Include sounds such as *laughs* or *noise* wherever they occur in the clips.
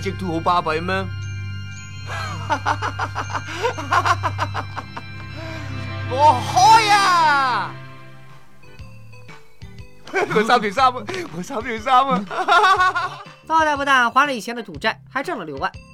只都好巴閉咩？我開啊！我三比三，我三比三、嗯。發財 *laughs* 不但還了以前的賭債，還掙了六萬。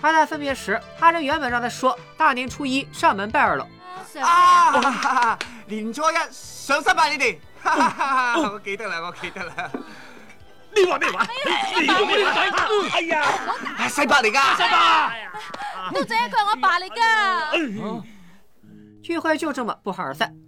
他在分別時，阿仁原本讓他說：“大年初一上門拜二老。”啊，年初一上山拜你哋，我記得啦，我記得啦。你話咩話？你哎呀，細伯嚟噶，細伯，我姐佢係我爸嚟噶。聚會就這麼不歡而散。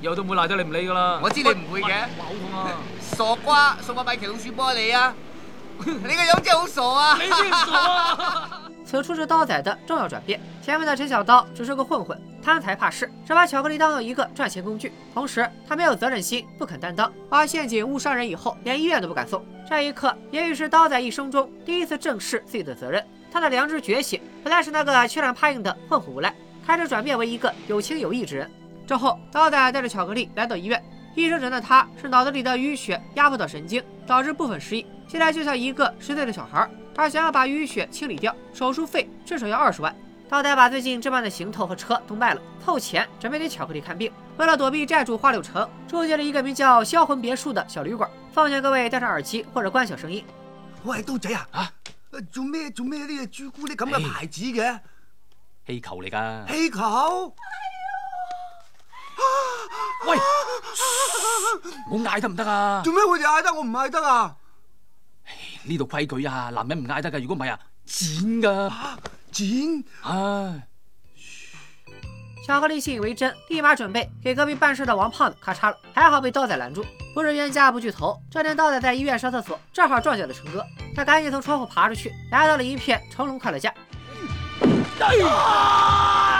有都唔會賴得你唔理噶啦，我知你唔會嘅，好痛啊，傻瓜，送我買米奇老鼠玻你啊！你個樣真係好傻啊！ *laughs* 沒人傻啊。此處是刀仔的重要轉變。前面的陳小刀只是個混混，貪財怕事，只把巧克力當做一個賺錢工具。同時，他沒有責任心，不肯擔當，挖陷阱誤傷人以後，連醫院都不敢送。這一刻，也許是刀仔一生中第一次正視自己的責任，他的良知覺醒，不再是那個欺軟怕硬的混混無賴，開始轉變為一個有情有義之人。之後，刀仔帶，帶着巧克力來到醫院。醫生診斷他是腦子裏的淤血壓迫到神經，導致部分失憶，現在就像一個十歲的小孩。他想要把淤血清理掉，手術費至少要二十萬。刀仔把最近置辦的行頭和車都賣了，湊錢準備給巧克力看病。為了躲避債主花柳城，住進了一個名叫“銷魂別墅”的小旅館。奉勸各位，戴上耳機或者關小聲音。喂，刀仔啊啊，做咩做咩呢個朱古力咁嘅牌子嘅氣球嚟噶？氣、這、球、個。哎黑我嗌得唔得啊？做咩佢哋嗌得我唔嗌得啊？呢度規矩啊，男人唔嗌得噶，如果唔係啊，剪噶、啊，剪、啊。唉，巧克力信以為真，立馬準備給隔壁辦事的王胖子，咔嚓了，還好被刀仔攔住。不是冤家不聚頭，這天刀仔在醫院上廁所，正好撞見了成哥，他趕緊從窗戶爬出去，來到了一片成龍快樂家。哎啊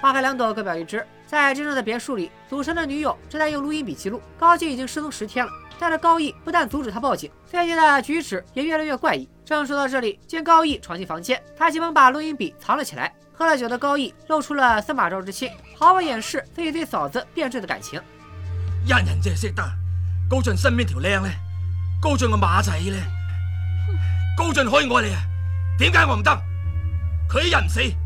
花開兩朵，各表一枝。在真正的別墅裏，祖成的女友正在用錄音筆記錄。高進已經失蹤十天了，但是高義不但阻止他報警，最近的舉止也越來越怪異。正說到這裏，見高義闖進房間，他急忙把錄音筆藏了起來。喝了酒的高義露出了司馬昭之心，毫不掩飾自己對嫂子變質的感情。人人只識得高進身邊條靚呢？」高進個馬仔呢？「哼，高進可以愛你啊，點解我唔得？佢一日唔死。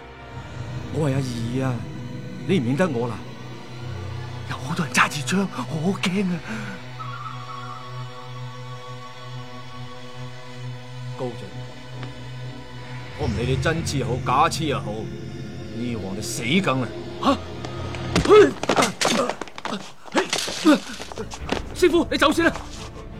我係阿二啊，你唔認得我啦？有好多人揸住槍，我好驚啊！高進，我唔理你真痴又好假痴又好，呢鑊就死梗啦，啊！吓，師傅你先走先啦！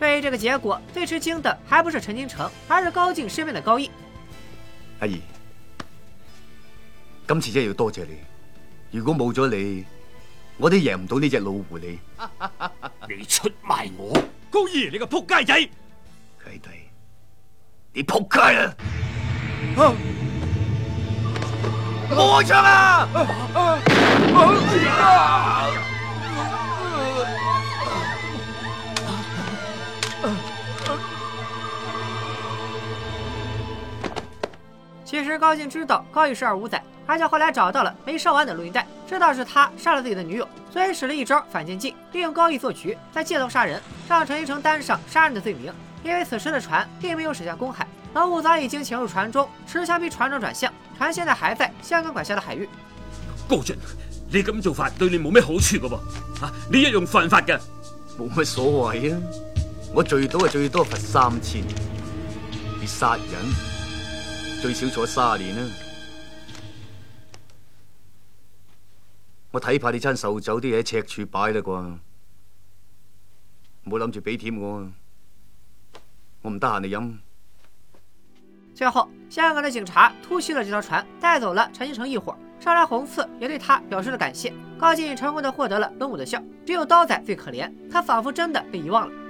對於這個結果，最吃驚的還不是陳金城，而是高進身邊的高義。阿義，今次真係要多謝你，如果冇咗你，我都贏唔到呢隻老狐狸你。 *laughs* 你出賣我，高義，你個撲街仔！佢哋，你撲街了啊。啊！我上啊！啊啊啊呃呃、其實高進知道高義是二五仔，而且後來找到了沒燒完的錄音帶，知道是他殺了自己的女友，所以使了一招反間計，利用高義做局，再借刀殺人，讓陳一成擔上殺人的罪名。因為此時的船並沒有駛向公海，老五早已經潛入船中，持槍逼船長轉向。船現在還在香港管轄的海域。高進，你咁做法對你冇咩好處噶，啊、你一樣犯法噶。冇乜所謂，啊我最多啊，最多罰三千；你殺人，最少坐三年啊。我睇怕你餐壽酒啲嘢喺赤柱擺嘞啩，唔好諗住俾舔我。我唔得閒你飲。最後，香港嘅警察突襲了這條船，帶走了陳新城一伙。上林洪刺，也對他表示了感謝。高進成功的獲得了龍五的笑，只有刀仔最可憐，他仿佛真的被遺忘了。